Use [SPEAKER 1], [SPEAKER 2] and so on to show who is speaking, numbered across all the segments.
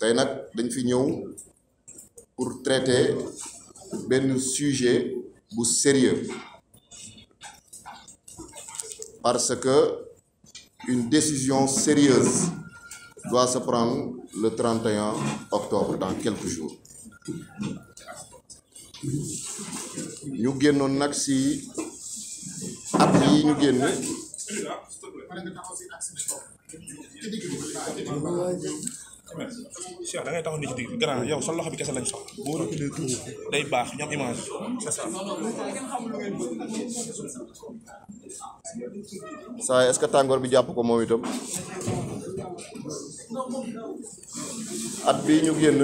[SPEAKER 1] tey nag dañ fi ñëw pour traiter benn sujet bu sérieux parce que une décision sérieuse doit se prendre le 31 octobre dans quelques jours ñu génnoon nag ci at yi ñu génn Cheikh da ngay taxaw ni ci digg grand yow sa loxo bi kese lañ soxla. boo reculer tout day baax ñu image. saa est-ce tàngoor bi jàpp ko moom itam. at bii ñu génn.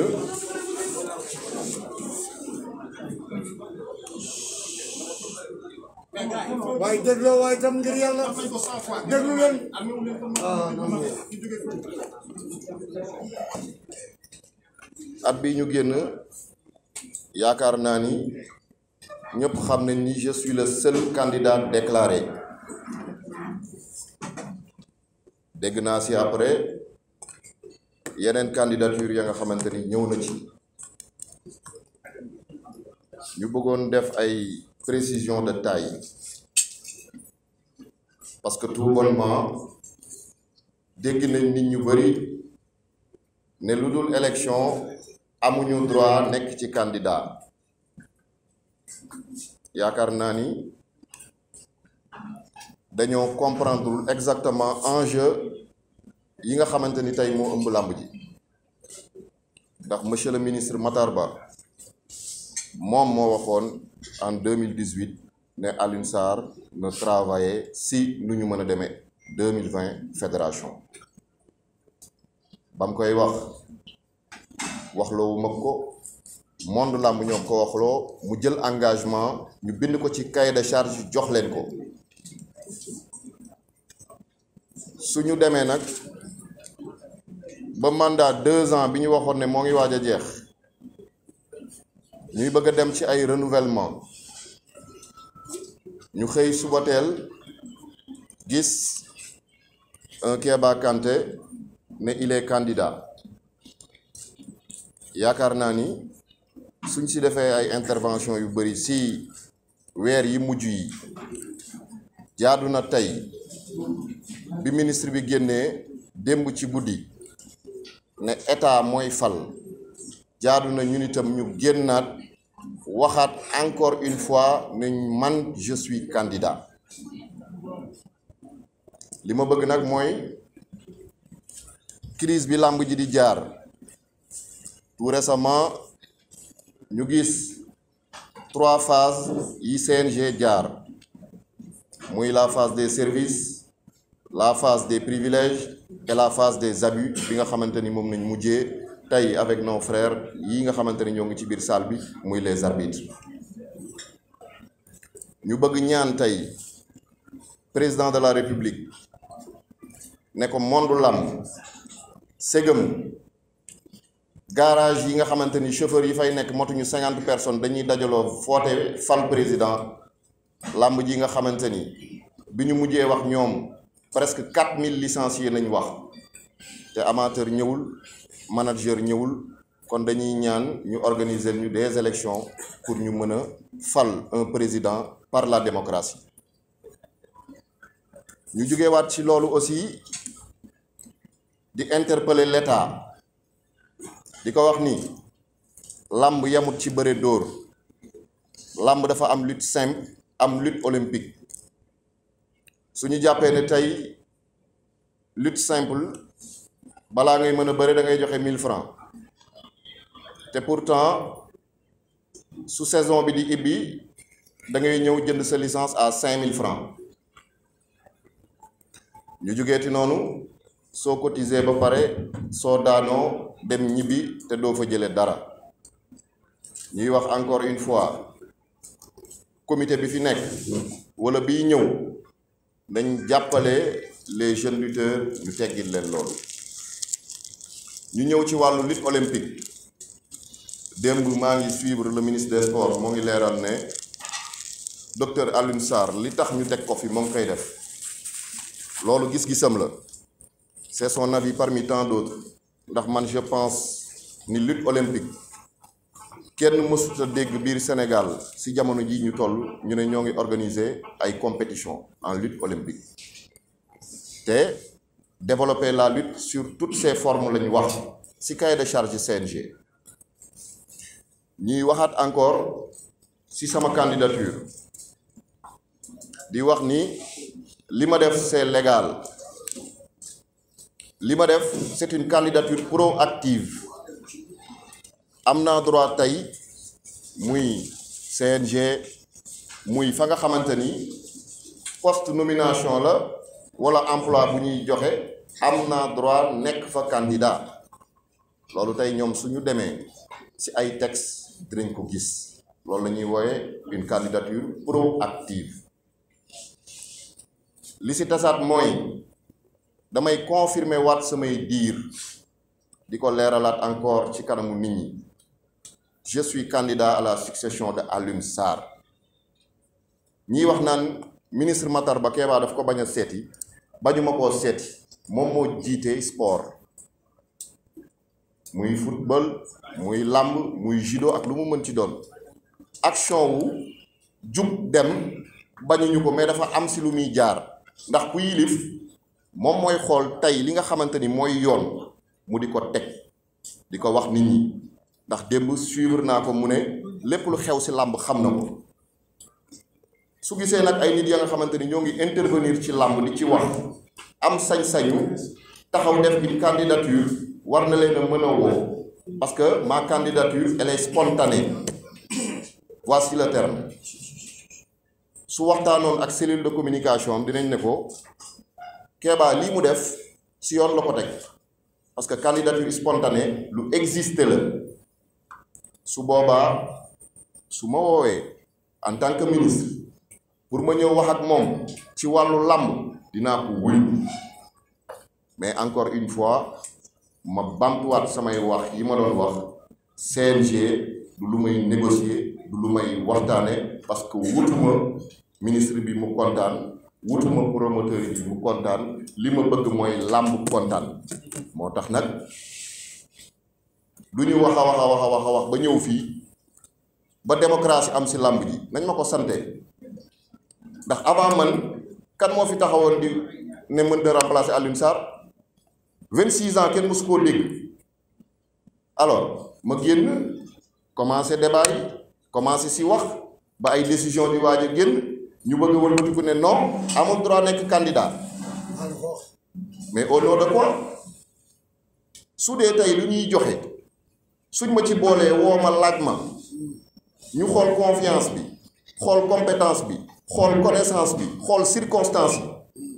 [SPEAKER 1] waaye at bi ñu génn yaakaar naa ni ñépp xam nañ ni je suis le seul candidat déclaré dégg naa si après yeneen candidature ya nga xamante ni ñëw na ci ñu bëggoon def ay. précision de taille parce que tout bonnement dégg nañ nit ñu bëri ne lu dul élection amuñu droit nekk ci candidat yaakaar naa ni dañoo comprendre exactement enjeu yi nga xamante ni tey moo ëmb làmb ji ndax monsieur le ministre Matar Ba moom moo waxoon en 2018 ne Alioune Sarr ne travaillait si nu ñu mën a demee 2020 fédération ba mu koy wax waxloowu ma ko monde làmb ñoom ko waxloo mu jël engagement ñu bind ko ci cahier de charge jox leen ko suñu demee nag ba mandat deux ans bi ñu waxoon ne moo ngi waaj a jeex ñuy bëgg a dem ci ay renouvellement ñu xëy suba teel gis un Keba Kanté ne il est yaakaar naa ni suñ si defee ay intervention yu bëri si weer yi mujj yi jaadu na tey bi ministre bi génnee démb ci guddi ne état mooy fal jaadu na ñun itam ñu génnaat waxaat encore une fois ne man je suis candidat li ma bëgg nag mooy crise bi làmb ji di jaar tout récemment ñu gis trois phases yi CNG jaar muy la phase des services la phase des privilèges et la phase des abus bi nga xamante ni moom nañ mujjee tey avec nos frères yi nga xamante ne ñoo ngi ci biir salle bi muy les arbitres ñu bëgg ñaan tey président de la république ne ko monde làmb ségam garage yi nga xamante ni chauffeur yi fay nekk motuñu cinquante personnes dañuy dajaloo foote fal président làmb ji nga xamante ni bi ñu mujjee wax ñoom presque quatre mille licenciés nañu wax te amateur ñëwul manager ñëwul kon dañuy ñaan ñu organiser ñu des élections pour ñu mën a fal un président par la démocratie ñu jógewaat ci loolu aussi di interpeller leta di ko wax ni làmb yamut ci bëre dóor làmb dafa am lutte simple am lutte olympique su ñu jàppee ne tey lutte simple balaa ngay mën a bëre dangay joxe mille francs te pourtant su saison bi di ibbi da ngay ñëw jënd sa licence à cinq mille francs ñu jugeeti noonu soo cotisé ba pare soo daanoo dem ñibbi te doo fa jële dara ñuy wax encore une fois comité bi fi nekk wala bii ñëw dañ jàppale les jeunes lutteurs ñu teggil leen loolu ñu ñëw ci wàllu lutte olympique démb maa ngi suivre le ministre des sports moo ngi leeral ne docteur Alioune Sarr li tax ñu teg ko fi moom koy def loolu gis-gisam la c'est son avis parmi tant d'autres ndax man je pense ni lutte olympique kenn mësut a dégg biir Sénégal si jamono ji ñu toll ñu ne ñoo ngi organiser ay compétition en lutte olympique te développer la lutte sur toutes ces formes la ñu wax ci cahier de charge CNG ñuy waxaat encore ci sama candidature di wax ni li ma def see légal li ma def c'est une candidature proactive am naa droit tey muy CNG muy fa nga xamante ni poste nomination la wala emploi bu ñuy joxe am naa droit nekk fa candidat loolu tey ñoom suñu demee ci ay texte dinañ ko gis loolu lañuy ñuy wooye une candidature proactive li si tasaat mooy damay confirmer waat samay diir di ko leeralaat encore ci kanamu nit ñi je suis à la succession de Alioune Sarr ñiy wax naan ministre Matar Ba Keba daf ko bañ a seeti bañuma koo seeti moom moo jiite sport muy football muy làmb muy judo ak lu mu mën ci doon action wu jug dem bañuñu ko mais dafa am si lu muy jaar ndax ku yilif moom mooy xool tey li nga xamante ni mooy yoon mu di ko teg di ko wax nit ñi ndax démb suivre naa ko mu ne lépp lu xew si làmb xam na ko su gisee nag ay nit ya nga xamante ni ñoo ngi intervenir ci làmb di ci wax am sañ-sañu taxaw def une candidature war na leen a mën a woo parce que ma candidature elle est spontanée voici le terme su waxtaanoon ak cellule de communication dinañ ne ko Kéba lii mu def si yoon la ko teg parce que candidature spontanée lu existe la su boobaa su ma woowee en tant que ministre. pour ma ñëw wax ak moom ci wàllu làmb dinaa ko wuy mais encore une fois ma bamtuwaat samay wax yi ma doon wax CNG du lu may négocier du lu may waxtaane parce que wutuma ministre bi mu kontaan wutuma promoteur bi mu kontaan li ma bëgg mooy làmb kontaan moo tax nag lu ñu wax wax a wax a wax a wax ba ñëw fii ba démocratie am si làmb ji nañ ma ko sante ndax avant man kan moo fi taxawoon di ne mën da remplacer Alioune Sarr vingt six ans kenn mosu koo dégg alors ma génn commencé débat yi commencé si wax ba ay décision di waaj a génn ñu bëgg a wëlbatiku ne noom amul droit nekk candidat mais au nom de quoi su dee tey lu ñuy joxe suñ ma ci boolee woo ma laaj ma ñu xool confiance bi xool compétence bi xool connaissance bi xool circonstance yi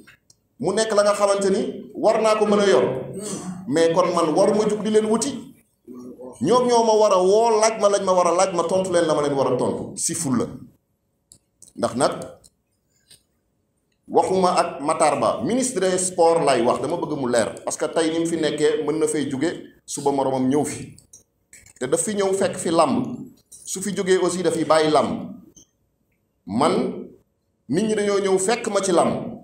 [SPEAKER 1] mu nekk la nga xamante ni war naa ko mën a yor mais kon man waruma jug di leen wuti ñoom ñoo ma war a woo laaj ma lañ ma war a laaj ma tontu leen la ma leen war a tontu si ful la ndax nag waxuma ak Matar Ba ministre sport lay wax dama bëgg mu leer parce que tey ni mu fi nekkee mën na fay jóge suba moromam ñëw fi te daf fi ñëw fekk fi làmb su fi jógee aussi dafay bàyyi làmb man. nit ñi dañoo ñëw fekk ma ci làmb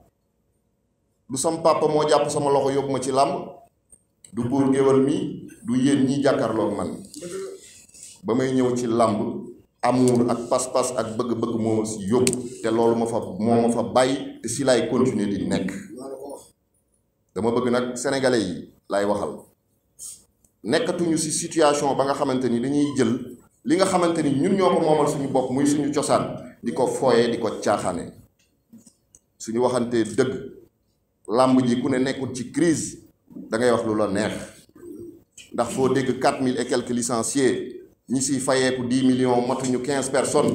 [SPEAKER 1] du sama papa moo jàpp sama loxo yóbbu ma ci làmb du buur géwal mi du yéen ñi jàkkaarloog man ba may ñëw ci làmb amour ak pas-pas ak bëgg-bëgg moo si yóbbu te loolu ma fa moo ma fa bàyyi te si laay continuer di nekk dama bëgg nag sénégalais yi laay waxal nekkatuñu si situation ba nga xamante ni dañuy jël li nga xamante ni ñun ñoo ko moomal suñu bopp muy suñu cosaan di ko fooyee di ko caaxaane suñu waxantee dëgg làmb ji ku ne nekkul ci crise da ngay wax lu la neex ndax foo dégg quatre mille et quelques licenciés ñi siy fayeeku dix millions matuñu quinze personnes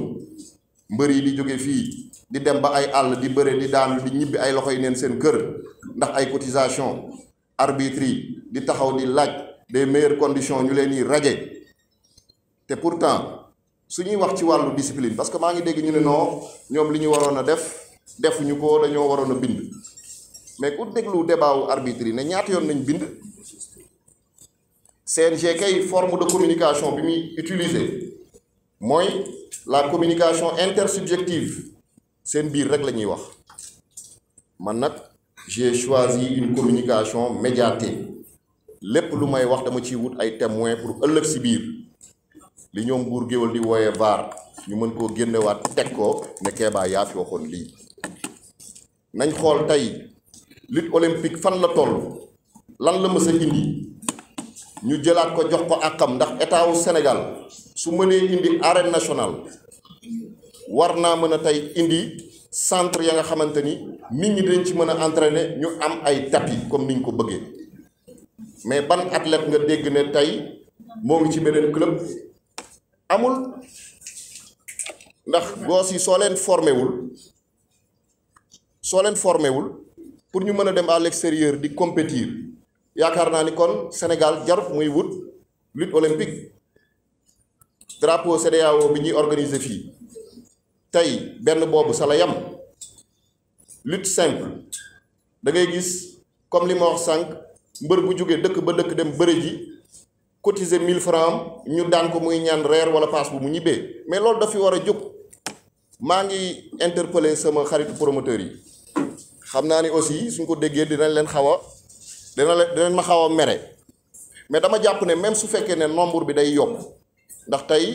[SPEAKER 1] mbër yi di jóge fii di dem ba ay àll di bëre di daanu di ñibbi ay loxo yi neen seen kër ndax ay cotisation arbitre di taxaw di laaj des meilleures conditions ñu leen di raje te pourtant su ñuy wax ci wàllu discipline parce que maa ngi dégg ñu ne non ñoom li ñu waroon a def defuñu ko dañoo waroon a bind mais ku déglu débat wu arbitre yi ne ñaata yoon nañ bind CNG kay forme de communication bi muy utiliser mooy la communication intersubjective seen biir rek la ñuy wax man nag j'ai choisi une communication médiatée lépp lu may wax dama ciy wut ay témoins pour ëllëg si biir. li ñoom nguur géwal di wooyee vaar ñu mën koo génnewaat teg ko ne Kéba yaa fi waxoon lii nañ xool tey lutte olympique fan la toll lan la mës a indi ñu jëlaat ko jox ko àqam ndax état wu Sénégal su mënee indi arène nationale war naa mën a tey indi centre ya nga xamante ni nit ñi dañ ci mën a entraîner ñu am ay tapis comme niñ ko bëggee mais ban athlète nga dégg ne tey moo ngi ci beneen club amul ndax goos yi soo leen formé wul soo leen formé wul pour ñu mën a dem à l'extérieur di compétir yaakaar naa ni kon Sénégal jar muy wut lutte olympique drapeau CEDEAO bi ñuy organiser fii tey benn boobu sa la yam lutte simple da ngay gis comme li ma wax sànq mbër bu jógee dëkk ba dëkk dem bëre ji. cotiser 1000 francs ñu daan ko muy ñaan reer wala paas bu mu ñibbee mais loolu dafay fi war a jóg maa ngi interpeller sama xaritu promoteur yi xam naa ni aussi suñ ko déggee dinañ leen xaw a dina leen dinañ ma xaw a mere mais dama jàpp ne même su fekkee ne nombre bi day yokk ndax tey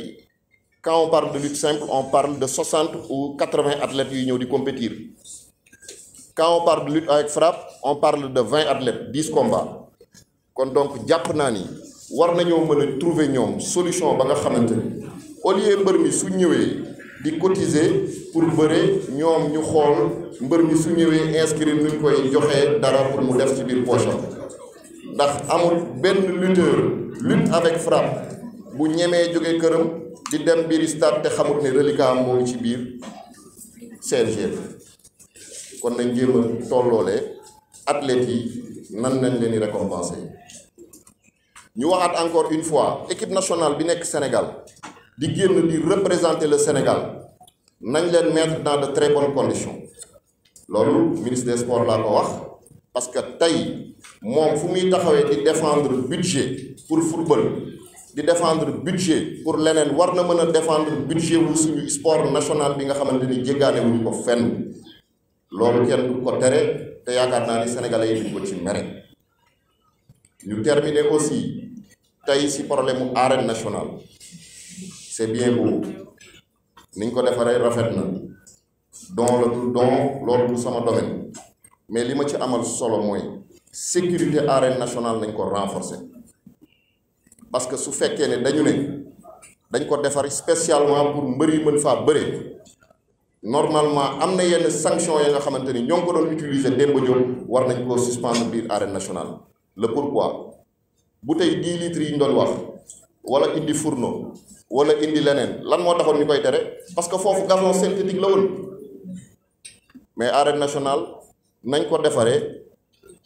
[SPEAKER 1] quand on parle de lutte simple on parle de 60 ou 80 athlètes yuy ñëw di compétir quand on parle de lutte avec frappe on parle de 20 athlètes 10 combats kon donc jàpp naa ni. war nañoo mën a trouver ñoom solution ba nga xamante ni au lieu mbër mi su ñëwee di cotiser pour bëre ñoom ñu xool mbër mi su ñëwee inscrire nuñ koy joxe dara pour mu def ci biir poche ndax amul benn lutteur lutte avec frappe bu ñemee jóge këram di dem biir stade te xamul ne reliquat moo ci biir CNG kon na jéem a tolloolee athlètes yi nan nañ leen di récompenser. ñu waxaat encore une fois équipe nationale bi nekk Sénégal di génn di représenter le Sénégal nañ leen mettre dans de très bonnes conditions loolu ministre des laa ko wax parce que tey moom fu muy taxawee di défendre budget pour football di défendre budget pour leneen war na mën a défendre budget wu suñu sport national bi nga xamante ni jéggaane wuñu ko fenn loolu kenn du ko tere te yaakaar naa ni sénégalais yi duñ ko ci mere ñu terminer aussi tey si problème mu arène nationale c'est bien beau niñ ko defaree rafet na don la du don loolu du sama domaine mais li ma ci amal solo mooy sécurité arène national nañ ko renforcer parce que su fekkee ne dañu ne dañ ko defar spécialement pour mbër yi mën faa bëre normalement am na yenn sanction yi nga xamante ni ñoo ngi ko doon utiliser démb jóg war nañ koo suspendre biir arène nationale le pourquoi bouteille dix litre yi ñu doon wax wala indi furno wala indi leneen lan moo taxoon ñu koy tere parce que foofu gazon synthétique la woon mais arène nationale nañ ko defaree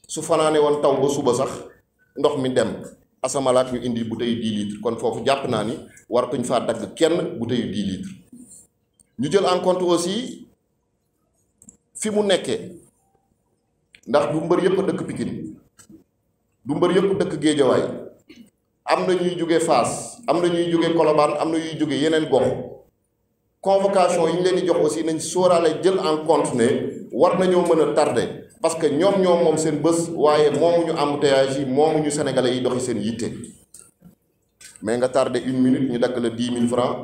[SPEAKER 1] su fanaanee woon taw ba suba sax ndox mi dem asamalaat ñu indi bouteille dix litres kon foofu jàpp naa ni waratuñ faa dagg kenn bouteille dix litres ñu jël en aussi fi mu nekkee ndax bu mbër yëpp a dëkk Pikine du mbër yëpp dëkk géejawaay am na ñuy jóge Fass am na ñuy jóge Colobane am na ñuy jóge yeneen gox convocation yi ñu leen di jox aussi nañ sóoraale jël en compte ne war nañoo mën a tardé parce que ñoom ñoom moom seen bës waaye ñu moomuñu embouteillage yi ñu sénégalais yi doxi seen yitte mais nga tardé une minute ñu dagg la dix mille francs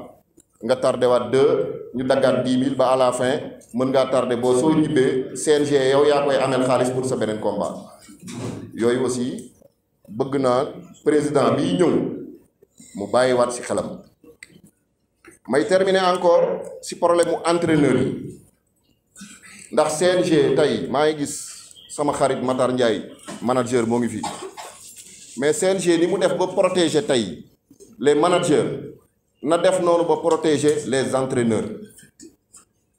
[SPEAKER 1] nga tardé waat deux ñu daggaat dix mille ba à la fin mën ngaa tardé boo soo ñibbee CNG yow yaa koy amel xaalis pour beneen combat aussi. bëgg naa président bi ñëw mu bàyyiwaat si xelam may terminer encore si problème mu entraîneur yi ndax seen CNG tey maa ngi gis sama xarit Matar Ndiaye manager moo ngi fii mais CNG ni mu def ba protéger tey les managers na def noonu ba protéger les entraîneurs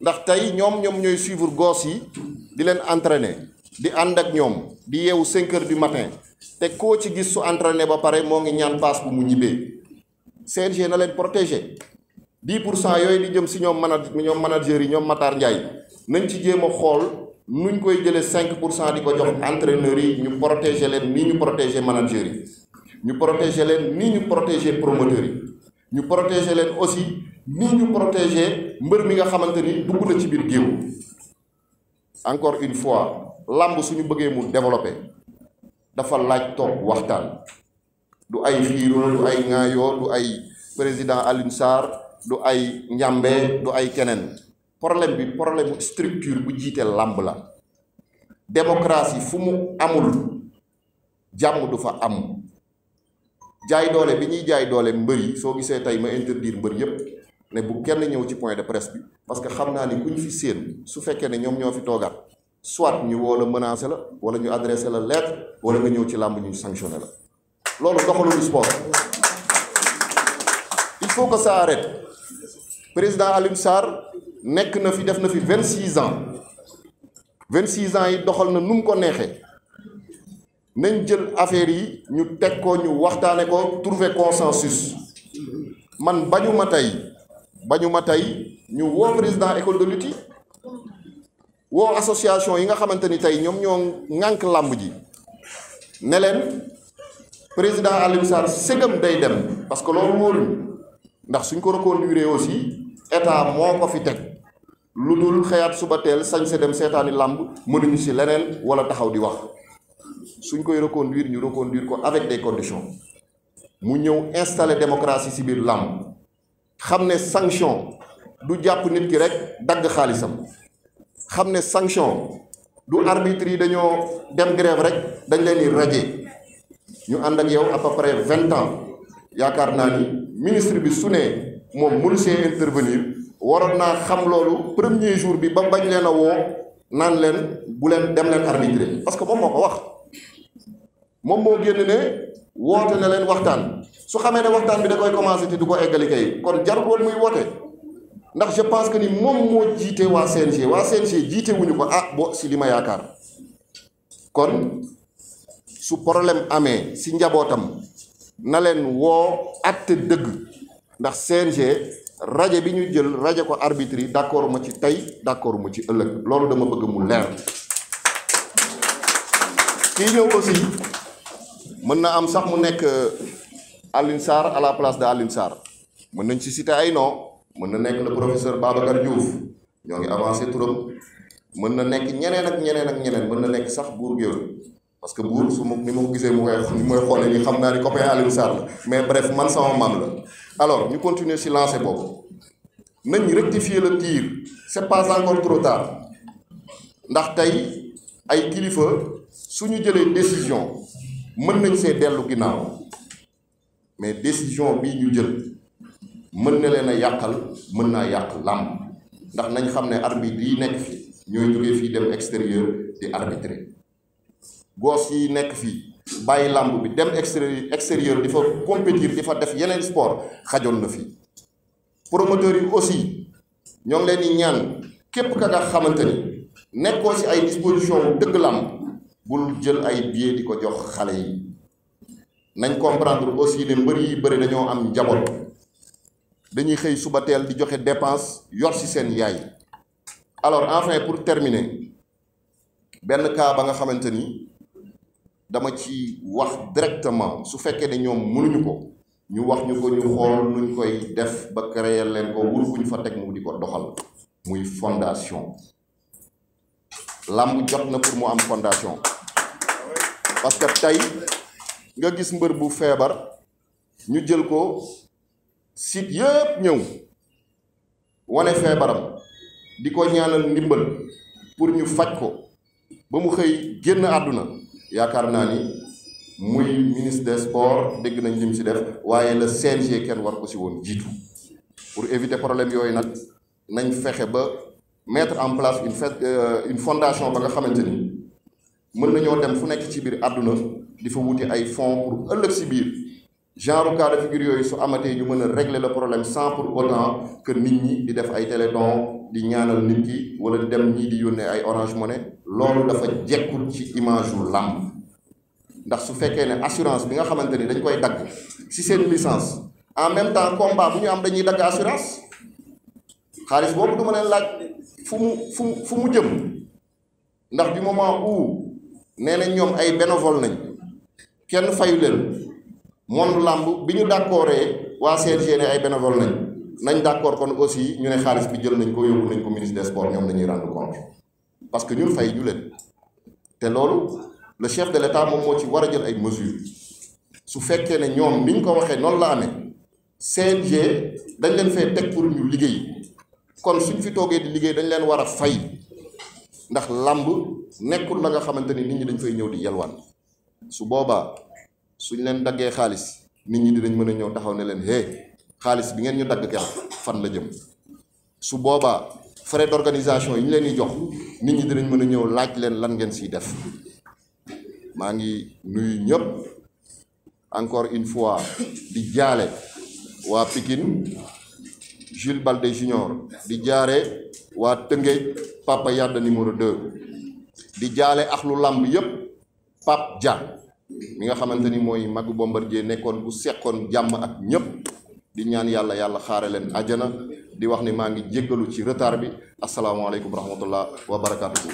[SPEAKER 1] ndax tey ñoom ñoom ñooy suivre gosse yi di leen entraîner di ànd ak ñoom di yeewu 5 heures du matin te koo ci gis su entraîné ba pare moo ngi ñaan paas bu mu ñibbee CNG na leen protégé 10 pour cent yooyu di jëm si ñoom manag ñoom manager yi ñoom mataar Ndiaye nañ ci jéem a xool nuñ koy jëlee cinq pour cent di ko jox entraîneurs yi ñu protégé leen nii ñu protégé manager yi ñu protégé leen nii ñu protégé promoteurs yi ñu protégé leen aussi nii ñu protégé mbër mi nga xamante ni dugg na ci biir géew encore une fois làmb suñu bëggee mu développé dafa laaj toog waxtaan du ay xiiroo du ay ŋaayoo du ay président Alioune du ay njàmbe du ay keneen problème bi problème structure bu jiite làmb la démocratie fu mu amul jàmm du fa am jaay doole bi ñuy jaay doole mbër yi soo gisee tey ma interdire mbër yépp ne bu kenn ñëw ci point de presse bi que xam naa ni ku ñu fi séen su fekkee ne ñoom ñoo fi toogaat soit ñu woo la menacé la wala ñu adressé la lettre wala nga ñëw ci làmb ñu sanctionné la loolu doxalu sport il faut que ça arrête président Alioune Sarr nekk na fi def na fi vingt six ans vingt six ans yi doxal na nu mu ko neexee nañ jël affaire yi ñu teg ko ñu waxtaane ko trouver consensus man bañu ma tey bañu ma tey ñu woo président école de lutte woo association yi nga xamante ni tey ñoom ñoo ŋànk làmb ji ne leen président Alioune Sarr ségam day dem parce que loolu wóorul ndax suñ ko reconduire aussi état moo ko fi teg lu dul xëyaat suba teel sañ sa dem seetaani làmb mënuñu si leneen wala taxaw di wax suñ koy reconduire ñu reconduire ko avec des conditions mu ñëw installer démocratie si biir làmb xam ne sanction du jàpp nit ki rek dagg xaalisam xam ne sanction du arbitre yi dañoo dem grève rek dañ leen di radier ñu ànd ak yow à peu près vingt ans yaakaar naa ni ministre bi su ne moom mënu see intervenir waroon naa xam loolu premier jour bi ba bañ leen a woo naan leen bu leen dem leen arbitrer parce que moom moo ko wax moom moo génn ne woote na leen waxtaan su xamee ne waxtaan bi da koy commencé te du ko eggali kon jarul muy woote. ndax je pense que ni moom moo jiite waa CNG waa CNG jiite wuñu ko ah bo si li ma yaakaar kon su problème amee si njabootam na leen woo atte dëgg ndax CNG rajo bi ñu jël rajo ko arbitre yi d'accord ma ci tey d'accord ma ci ëllëg loolu dama bëgg mu leer kii ñëw aussi mën na am sax mu nekk euh, Alioune à la place de Alioune mën nañ ci citer ay non mën na nekk le professeur Babacar Diouf ñoo ngi avancé turam mën na nekk ñeneen ak ñeneen ak ñeneen mën na nekk sax buur géwél parce que buur su ma ni ma ko gisee mu koy ni mooy xoole ni xam naa ni copain Alioune Sarr la mais bref man sama maam la alors ñu continuer si lancé boobu nañ rectifier le tir c'est pas encore trop tard ndax tey ay kilifa suñu jëlee décision mën nañ see dellu ginnaaw mais décision bi ñu jël mën na leen a yàqal mën naa yàq làmb ndax nañ xam ne arbitre yi nekk fi ñooy jógee fii dem extérieur di arbitrer goos yi nekk fii bàyyi làmb bi dem extérieur extérieur di fa compétir di fa def yeneen sport xajoon na fii promoteurs yi aussi ñoo ngi leen di ñaan képp ka nga xamante ni nekkoo ci ay disposition bu dëgg làmb bul jël ay billet di ko jox xale yi nañ comprendre aussi ne mbër yi bëri dañoo am njaboot dañuy xëy suba teel di joxe dépense yor ci seen yaay alors enfin pour terminer benn kaa ba nga xamante ni dama ci wax directement su fekkee ne ñoom mënuñu ko ñu wax ñu ko ñu xool nuñ koy def ba créer leen ko wul ñu fa teg mu di ko doxal muy fondation làmb jot na pour mu am fondation parce que tey nga gis mbër bu feebar ñu jël ko site yëpp ñëw wane feebaram di ko ñaanal ndimbal pour ñu faj ko ba mu xëy génn àdduna yaakaar naa ni muy ministre des sports dégg nañ lim si def waaye la CNG kenn war ko si woon jiitu pour éviter problème yooyu nag nañ fexe ba mettre en place une fête euh, une fondation ba nga xamante ni mën nañoo dem fu nekk ci biir àdduna di fa wuti ay fonds pour ëllëg si biir genre cas de figure yooyu su amatee ñu mën a régler le problème sans pour autant que nit ñi di def ay téléthon di ñaanal nit ki wala di dem ñii di yónnee ay Orange ne loolu dafa jekkul ci image wu làmb ndax su fekkee ne assurance bi nga xamante ni dañ koy dagg si seen licence en même temps combat bu ñu am dañuy dagg assurance xaalis boobu du leen laaj fu mu fu mu jëm ndax bi moment où nee nañ ñoom ay bénévole nañ kenn fayu leen. monde làmb bi ñu d'accordee waa CNG ne ay bénévole nañ nañ d'accord kon aussi ñu ne xaalis bi jël nañ ko yóbbu nañ ko ministre des ñoom dañuy rendre compte parce que ñun fay ñu leen te loolu le chef de l'État moom moo ci war a jël ay mesures su fekkee ne ñoom bi ñu ko waxee noonu la amee CNG dañ leen fee teg pour ñu liggéey kon suñ fi toogee di liggéey dañu leen war a fay ndax làmb nekkul la nga xamante ni nit ñi dañ fay ñëw di yelwaan su boobaa. su ñu leen daggee xaalis nit ñi dinañ mën a ñëw taxaw ne leen hey xaalis bi ngeen ñu dagg keroog fan la jëm su boobaa frais d'organisation yi ñu leen di jox nit ñi dinañ mën a ñëw laaj leen lan ngeen siy def maa ngi nuyu ñëpp encore une fois di jaale waa Pikine Jules Balde Junior di jaare waa Tëngéej Papa Yadda numéro 2 di jaale ak lu làmb yëpp Pape Dia. mi nga xamante ni mooy magu Bombardier nekkoon ku seqoon jàmm ak ñépp di ñaan yàlla yàlla xaare leen àjjana di wax ni maa ngi jéggalu ci retard bi asalaamaaleykum wa rahmatullah wa barakaatu.